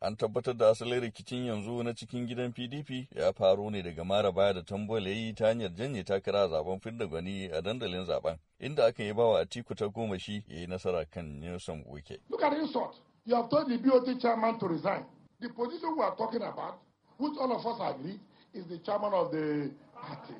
an tabbatar da asalin rikicin yanzu na cikin gidan pdp ya faru ne daga mara baya da tambola yi ta hanyar janye takara zaben fidda gwani a dandalin zaben inda aka yi bawa atiku ta goma shi ya yi nasara kan nelson wike look at insult you have told the bot chairman to resign the position we are talking about which all of us agree is the chairman of the party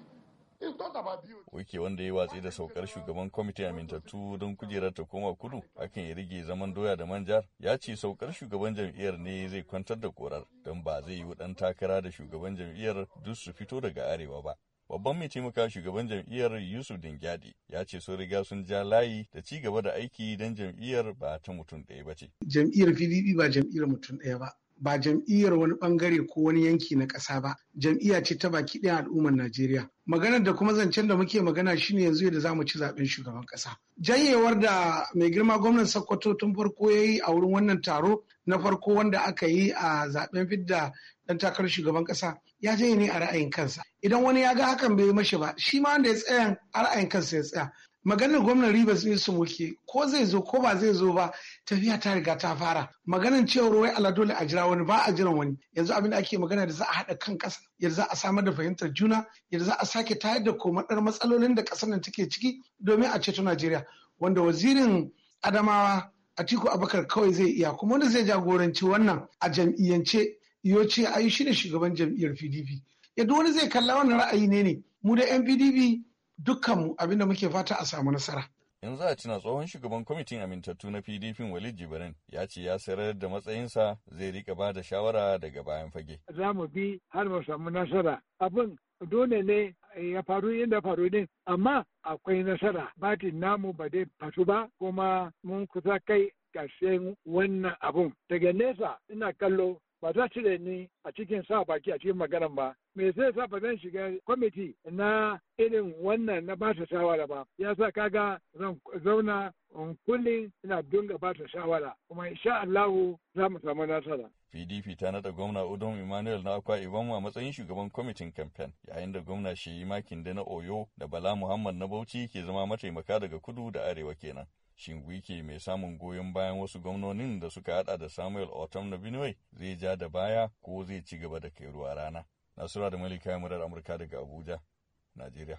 Wike wanda ya watsi da saukar shugaban kwamitin amintattu don kujerar ta koma kudu akan ya rage zaman doya da manjar ya ce saukar shugaban jam'iyyar ne zai kwantar da korar don ba zai yi dan takara da shugaban jam'iyyar duk su fito daga arewa ba. Babban mai taimaka shugaban jam'iyyar Yusuf Dingyadi ya ce sun riga sun ja layi da ci gaba da aiki don jam'iyyar ba ta mutum ɗaya ba ce. Jam'iyyar PDP ba jam'iyyar mutum ɗaya ba. ba jam'iyyar wani bangare ko wani yanki na ƙasa ba jam'iyya ce ta baki ɗaya al'ummar najeriya maganar da kuma zancen da muke magana shine yanzu yadda za mu ci zaɓen shugaban ƙasa janyewar da mai girma gwamnan sokoto tun farko ya yi a wurin wannan taro na farko wanda aka yi a zaɓen fidda ɗan takarar shugaban ƙasa ya janye ne a ra'ayin kansa idan wani ya ga hakan bai mashi ba shi ma wanda ya tsaya a ra'ayin kansa ya tsaya maganar gwamnan Rivers ne su muke ko zai zo ko ba zai zo ba tafiya ta riga ta fara maganar cewar wai ala dole a jira wani ba a jiran wani yanzu abin da ake magana da za a haɗa kan ƙasa yadda za a samar da fahimtar juna yadda za a sake tayar da komadar matsalolin da ƙasar nan take ciki domin a ceto Najeriya wanda wazirin Adamawa Atiku Abakar kawai zai iya kuma wanda zai jagoranci wannan a jam'iyyance yoce ayi shi ne shugaban jam'iyyar PDP yadda wani zai kalla wannan ra'ayi ne ne mu da NPDP dukkanmu abinda muke fata a samu nasara. Yanzu a cina tsohon shugaban kwamitin amintattu na pdp walid jibrin ya ce ya sayar da matsayinsa zai rika ba da shawara daga bayan fage za mu bi har mu samu nasara abin dole ne ya faru inda faru ne amma akwai nasara batin namu ba dai fasu ba kuma mun kusa kai ƙarshen wannan abun daga nesa ina kallo ba za cire ni a cikin sa baki a cikin maganan ba me zai sa ba zan shiga kwamiti na irin wannan na ba ta shawara ba ya sa kaga zan zauna in kullum ina dunga ba ta shawara kuma insha Allahu za mu samu nasara. PDP ta nada gwamna Udom Emmanuel na akwa Ibanwa a matsayin shugaban kwamitin kamfen yayin da gwamna Sheyi Makinde na Oyo da Bala Muhammad na Bauchi ke zama mataimaka daga kudu da arewa kenan. shin Shingwike mai samun goyon bayan wasu gwamnonin da suka hada da Samuel Otom na Benue zai ja da baya ko zai ci gaba da kai ruwa rana. Nasura da Malika Yamurar Amurka daga Abuja, Najeriya.